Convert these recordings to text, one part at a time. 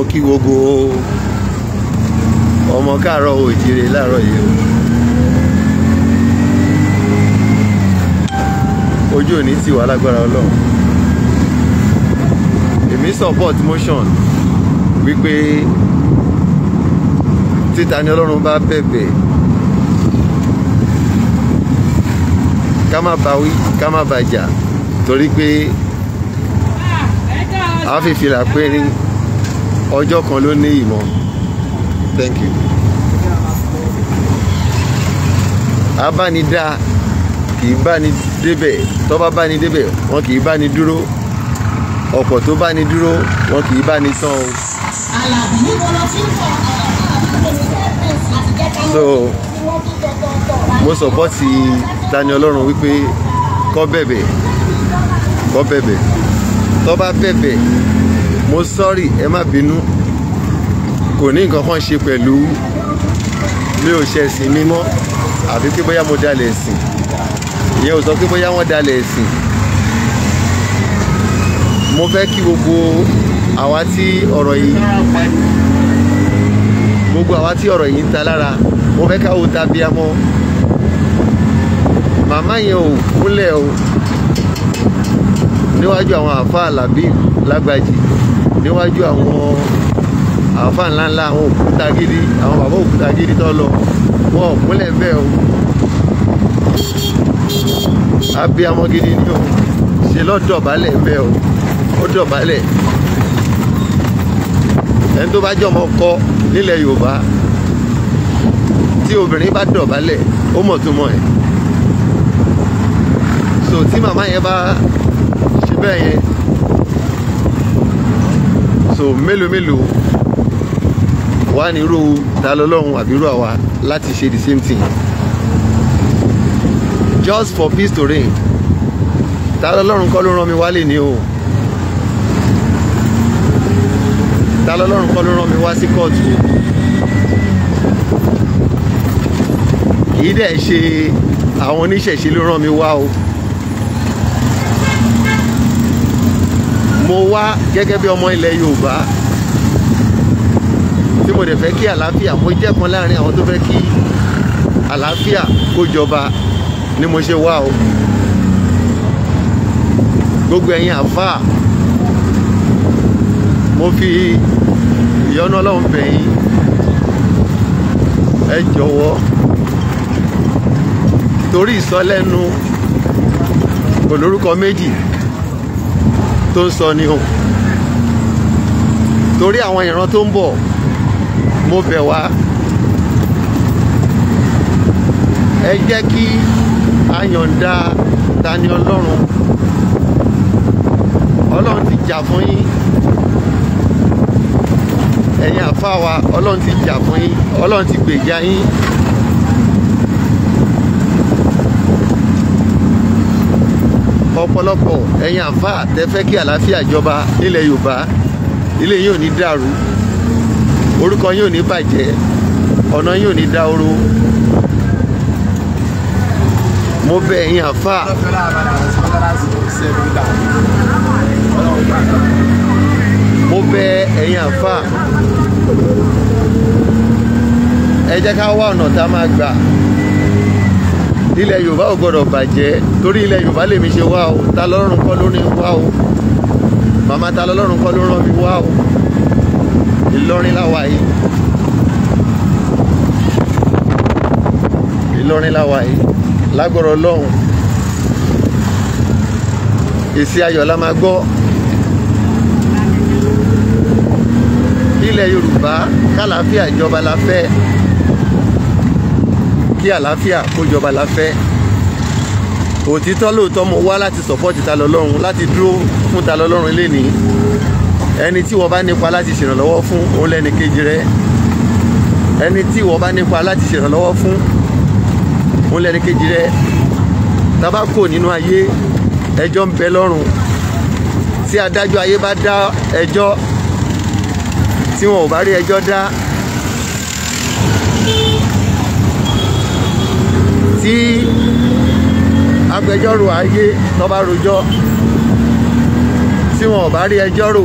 mo kí gbogbo ọmọ káàárọ̀ oòjíire láàárọ̀ yìí ojú òní ti wà lágbára ọlọ́run èmi support motion wípé títa ni ọlọ́run bá bẹ̀bẹ̀ ká má bá wí ká má bá jà torí pé a péré ọjọ́ kan ló ní ìmọ̀ thank you. abánidá kì í báni débẹ̀ tó bá báni débẹ̀ wọn kì í báni dúró ọ̀pọ̀ tó báni dúró wọn kì í báni tán o. so mo sọ̀pọ́tì Tani Olohun wípé kó bẹ̀bẹ̀ kó bẹ̀bẹ̀ tó bá bẹ̀bẹ̀ mo sọ́rí ẹ má bínú kò ní nǹkan kan ṣe pẹ̀lú mi ò ṣe ẹ̀sìn mímọ́ àfi pé bóyá mo dalẹ̀ ẹ̀sìn ìyẹn ò sọ pé bóyá wọ́n dalẹ̀ ẹ̀sìn mo fẹ́ kí gbogbo àwa tí ọ̀rọ̀ yìí gbogbo àwa tí ọ̀rọ̀ yìí ń ta lára mo fẹ́ káwo ta bí amọ́ màmá yẹn ò kúnlẹ̀ o níwájú àwọn àáfàá làbí lágbàjì níwájú àwọn àáfà ńláńlá àwọn òkúta gidi àwọn bàbá òkúta gidi tó lọ wọn ò múlẹ̀ bẹ́ẹ̀ o abiyamọ gidi ni o ṣe lọ dọ̀bálẹ̀ bẹ́ẹ̀ o ó dọ̀bálẹ̀ ẹni tó bá jọmọ kọ nílẹ̀ Yorùbá tí obìnrin bá dọ̀bálẹ̀ ó mọ̀ tó mọ̀ ẹ̀ so tí màmá yẹn bá ṣe bẹ́ẹ̀ yẹn so mélòó mélòó wá ní irú ta lọ́lọ́run àbí irú àwa láti ṣe the same thing just for peace to reign ta lọ́lọ́run kọ́ ló rán mi wálé ní o ta lọ́lọ́run kọ́ ló rán mi wá sí kóòtù kì í dẹ̀ ṣe àwọn oníṣẹ̀ṣe ló rán mi wá o. mo wá gẹ́gẹ́ bí ọmọ ilẹ̀ Yorùbá tí mo dẹ̀ fẹ́ kí àlàáfíà mo jẹ́ kan láàrin àwọn tó fẹ́ kí àlàáfíà kó jọba ni mo ṣe wá o gbogbo ẹ̀yin àfáà mo fi ìyọ́nú Ọlọ́run bẹ̀ ẹ jọ̀wọ́ torí ìsọlẹ́nu kò méjì tó ń sọ ni o torí àwọn ìran tó ń bọ̀ mo bẹ̀ wá ẹ jẹ́ kí a yọ̀ǹda Tani Olohun Ọlọ́run ti jà fún yín ẹ̀yin àfa wa Ọlọ́run ti jà fún yín Ọlọ́run ti gbèjà yín. ọ̀pọ̀lọpọ̀ ẹ̀yin àfa tẹ́fẹ́ kí àlàáfíà jọba nílẹ̀ Yorùbá ilé yìí ò ní dàrú orúkọ yìí ò ní bàjẹ́ ọ̀nà yìí ò ní dahoro mo bẹ ẹ̀yin àfa mo bẹ ẹ̀yin àfa ẹ jẹ́ ká wá ọ̀nà tá a máa gbà ilẹ̀ yorùbá ò gbọ́dọ̀ bàjẹ́ torí ilẹ̀ yorùbá lèmi ṣe wá o ta lọ́rùn kọ́ ló ní wá o màmá ta lọ́rùn kọ́ ló rán mi wá o ìlọrin láwa yìí ìlọrin láwa yìí lágbọ̀rọ̀ lọ́hùn èsì ayọ̀ la máa gbọ́ ilẹ̀ yorùbá kálàáfíà ìjọba la fẹ́ kí àlàáfíà kó jọba láfẹ́ òtítọ́ lóòótọ́ mo wá láti sọ̀pọ́tì ta lọ́lọ́run láti dúró fún ta lọ́lọ́run eléni ẹni tí wọ́n bá nípa láti ṣèrànlọ́wọ́ fún òun lẹ́ni kejì rẹ ẹni tí wọ́n bá nípa láti ṣèrànlọ́wọ́ fún òun lẹ́ni kejì rẹ tábà kò nínú ayé ẹjọ́ ń bẹ lọ́rùn tí adájọ́ ayé bá dá ẹjọ́ tí wọn ò bá rí ẹjọ́ dá tí agbẹjọ́rò ayé tó bá rojọ́ tí wọn ò bá rí ẹjọ́ rò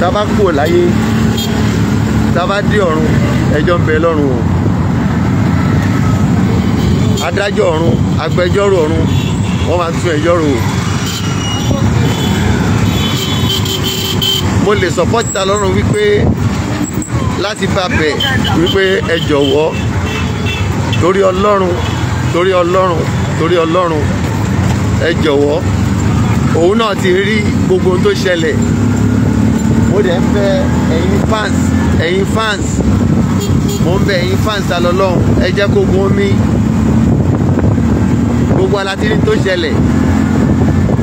tá a bá kúrò láyé tá a bá dé ọ̀run ẹjọ́ ń bẹ lọ́run o adájọ́ ọ̀run agbẹjọ́rò ọ̀run wọ́n máa tún ẹjọ́ rò o. mo lè sọpọ́tì ta lọ́rùn wípé láti bá bẹ̀ wípé ẹ jọ̀wọ́ torí ọlọ́run torí ọlọ́run torí ọlọ́run ẹ jọ̀wọ́ òun náà ti rí gbogbo ohun tó ṣẹlẹ̀ mo dẹ̀ ń bẹ ẹ̀yin fans ẹ̀yin fans mo ń bẹ ẹ̀yin fans alọ́lọ́run ẹ jẹ́ kó gun omi gbogbo alátìrí tó ṣẹlẹ̀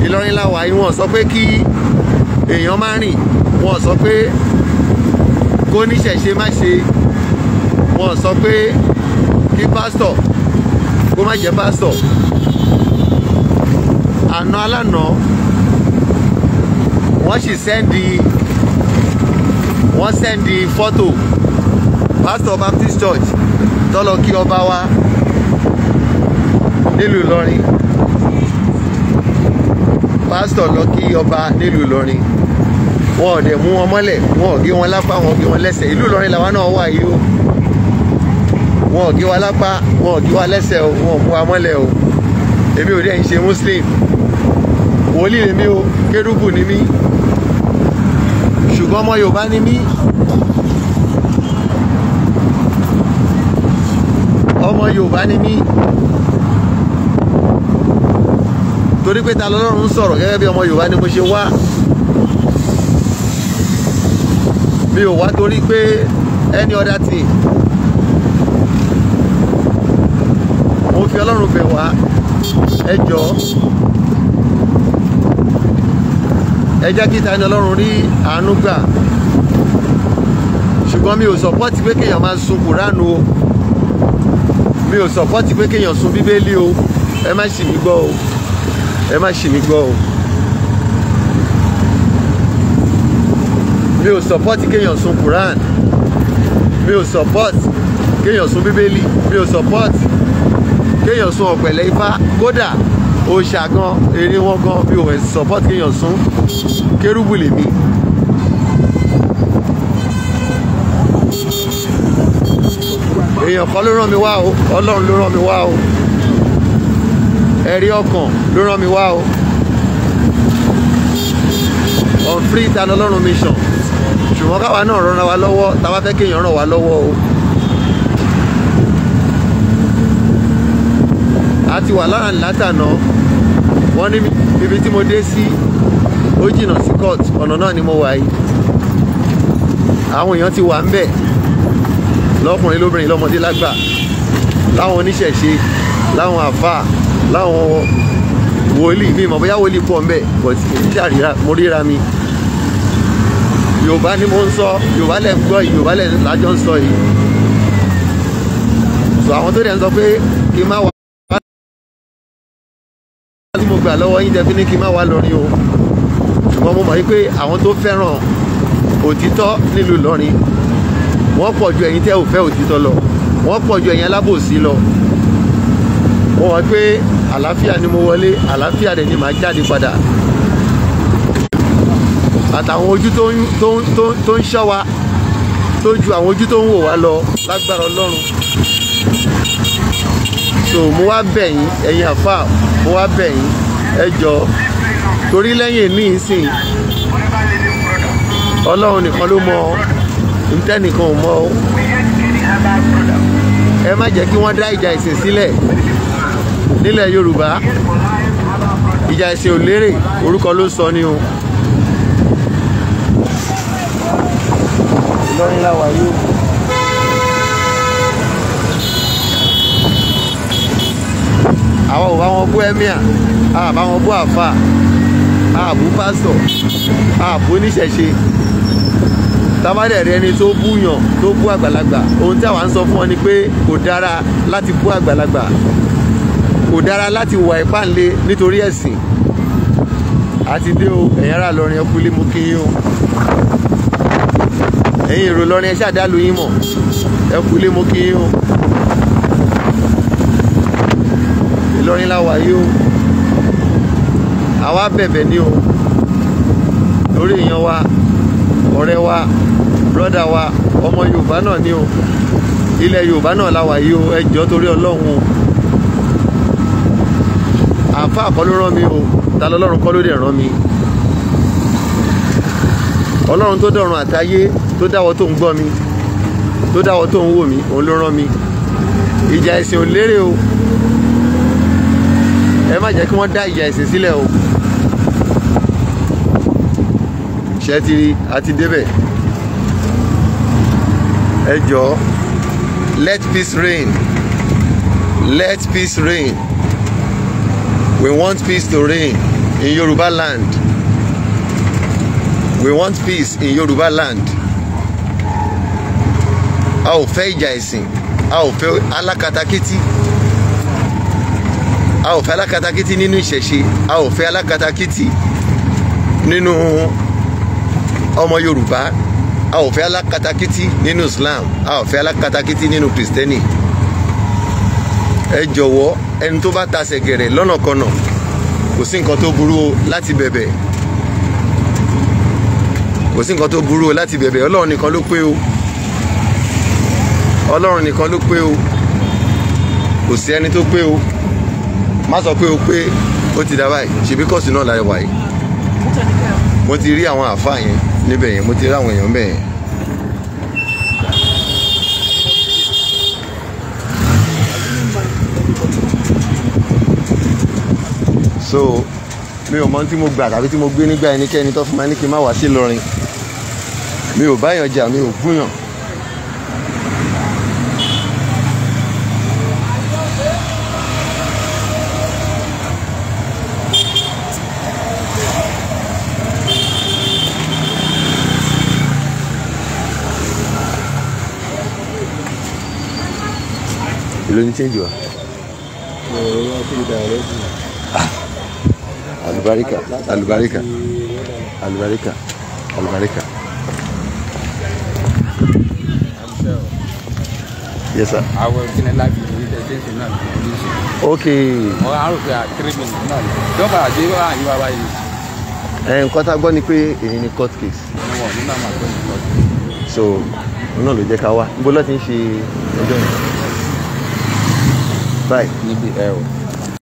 Ìlọrin làwà yìí wọ́n sọ pé kí èèyàn má rìn wọ́n sọ pé kó níṣẹ̀ṣe má ṣe wọ́n sọ pé ní pásítọ̀ kó má jẹ́ pásítọ̀ àná alánà wọ́n sì sẹ́ndì wọ́n sẹ́ndì fọ́tò pásítọ̀ Baptist Church tọ́lọ kí ọba wa nílùú Ìlọrin pásítọ̀ lọ kí ọba nílùú Ìlọrin wọn ò dẹ̀ mú wọn mọ́lẹ̀ wọn ò gé wọn lápá wọn ò gé wọn lẹ́sẹ̀ ìlú Ìlọrin làwọn náà wà yìí o wọn ò gé wa lápá wọn ò gé wa lẹ́sẹ̀ o wọn ò mú wa mọ́lẹ̀ o èmi ò rí ẹ̀yin ṣe muslim wòlíì lèmi o kérúbù ni mí ṣùgbọ́n ọmọ yorùbá ni mí ọmọ yorùbá ni mí torí pé ta lọ́lọ́run ń sọ̀rọ̀ gẹ́gẹ́ bí ọmọ yorùbá ni mo ṣe wá mi ò wá torí pé any other thing fi ọlọ́run bẹ̀ wá ẹ jọ ẹ jẹ́ kí Tani Olohun rí àánú gbà ṣùgbọ́n mi ò sọ̀pọ́tì pé kéèyàn máa sun kùránù o mi ò sọ̀pọ́tì pé kéèyàn sun bíbélì o ẹ má ṣì mí gbọ́ o ẹ má ṣì mí gbọ́ o mi ò sọ̀pọ́tì kéèyàn sun kùránù mi ò sọ̀pọ́tì kéèyàn sun bíbélì mi ò sọ̀pọ́tì kéèyàn sun ọ̀pẹ̀lẹ̀ ifá kódà òòṣà gan eré wọn gan bí òun ẹ̀sìn support kéèyàn sun kérúbù lèmi. èèyàn kan ló rán mi wá o ọlọ́run ló rán mi wá o ẹ̀rí ọkàn ló rán mi wá o on free ta lọ́lọ́run mission ṣùgbọ́n káwa náà ràn wá lọ́wọ́ táwa fẹ́ kéèyàn ràn wá lọ́wọ́ o. a ti wà láhàn látànà wọ́n ní ibi tí mo dé sí ó jìnnà sí court ọ̀nà náà ni mo wà yìí àwọn èèyàn ti wà ń bẹ̀ lọ́kùnrin lóbìnrin lọ́mọdé lágbà láwọn oníṣẹ̀ṣe láwọn àfáà láwọn wòlíì mi mọ̀ bóyá wòlíì pọ̀ ń bẹ̀ but ìdíjà mo ríra mi yorùbá ni mo ń sọ yorùbá lẹ̀ ń gbọ́ yìí yorùbá lẹ̀ lájọ́ ń sọ yìí so àwọn tó dẹ̀ ń sọ pé kí n má wà tí mo gbà lọ́wọ́ yín jẹ́bi ní kí n má wá lọ́rin o ṣùgbọ́n mo mọ̀ wípé àwọn tó fẹ́ràn òtítọ́ nílùú Ìlọrin wọ́n pọ̀ ju ẹ̀yin tẹ́ ò fẹ́ òtítọ́ lọ wọ́n pọ̀ ju ẹ̀yin alábòsí lọ mo wọ́n pé àlàáfíà ni mo wọlé àlàáfíà rẹ̀ ni màá jáde padà àtàwọn ojú tó ń ṣọ́ wa tó ju àwọn ojú tó ń wò wá lọ lágbára Ọlọ́run so mo wá bẹ̀ yín ẹ̀yin àfáà mo wá bẹ̀ yín ẹ jọ torí lẹ́yìn ní ìsìn ọlọ́run nìkan ló mọ ntẹ́nìkan ò mọ o ẹ má jẹ́ kí wọ́n dá ìjà ìsìn sílẹ̀ nílẹ̀ yorùbá ìjà ìsìn ò lérè orúkọ ló sọ ni o. ìlọrin làwà yóò. àwọn ò bá wọn bú emir a bá wọn bú àfà a bú pásítọ̀ a bú oníṣẹ̀ṣe tabadẹ rẹ ni tó búyàn tó bú àgbàlagbà ohun tí àwa ń sọ fún ọ ni pé kò dára láti bú àgbàlagbà kò dára láti wà ìpànlé nítorí ẹ̀sìn àti dé o ẹ̀yin ará lọrin ẹkú lé mú kí yín o ẹ̀yin èrò lọrin ẹ ṣáà dá lu yín mọ̀ ẹkú lé mú kí yín o. Ìlọrin la yìí o àwa bẹ̀bẹ̀ ni o lórí èèyàn wa ọ̀rẹ́ wa brọ́dà wa ọmọ Yorùbá náà ni o ilẹ̀ Yorùbá náà la yìí o ẹ jọ̀ọ́ torí Ọlọ́run o àáfàá kọ́ ló rán mi o ta lọ́lọ́run kọ́ ló dẹ̀ rán mi Ọlọ́run tó dọ̀run àtayé tó dáwọ́ tó ń gbọ́ mi tó dáwọ́ tó ń wò mí òun ló rán mi ìjà ẹ̀sìn ò lérè o ẹ má jẹ́ kí wọ́n dá ìjà ẹ̀sìn sílẹ̀ o ṣe ti àti débẹ̀ ẹ jọ let peace reign let peace reign we want peace to reign in Yoruba land we want peace in Yoruba land a ò fẹ́ ìjà ẹ̀sìn a ò fẹ́ alákatakítí a ò fẹ́ alákatakítí nínú ìṣẹ̀ṣe a ò fẹ́ alákatakítí nínú ọmọ Yorùbá a ò fẹ́ alákatakítí nínú Islam a ò fẹ́ alákatakítí nínú Kristẹni ẹ jọ̀wọ́ ẹni tó bá tasẹ̀ gẹ̀rẹ̀ lọ́nàkọnà kò sí nǹkan tó burú o láti bẹ̀bẹ̀ kò sí nǹkan tó burú o láti bẹ̀bẹ̀ Ọlọ́run nìkan ló pé o Ọlọ́run nìkan ló pé o kò sí ẹni tó pé o má sọ pé o pé ó ti dá báyìí ṣèbí kọ́ọ̀sì náà láyé wáyé mo ti rí àwọn àáfàá yẹn níbẹ̀ yẹn mo ti rí àwọn èèyàn bẹ́ẹ̀ yẹn. so mi ò mọ tí mo gbà tàbí tí mo gbé nígbà ẹnikẹ́ni tó fún mi ní kí n má wá sí Ìlọrin mi ò báyàn jà mi ò gúnyàn èlò ní change wa. alubarika alubarika alubarika alubarika. yes sir. àwọn ìpínlẹ̀ láti ní ẹ̀ẹ́dẹ́gbẹ̀rún náà ní ìṣe. ok. wọn á rò pé à three minutes náà ni dọ́gba àti wà ní bàbá yìí. ẹ nǹkan tá a gbọ́ ni pé èyí ni court case. wọn ò ní máa máa court case. so náà ló jẹ́ ká wá níbo lọ́ọ́ ti ń ṣe ẹjọ́ yẹn. Right. you be arrow.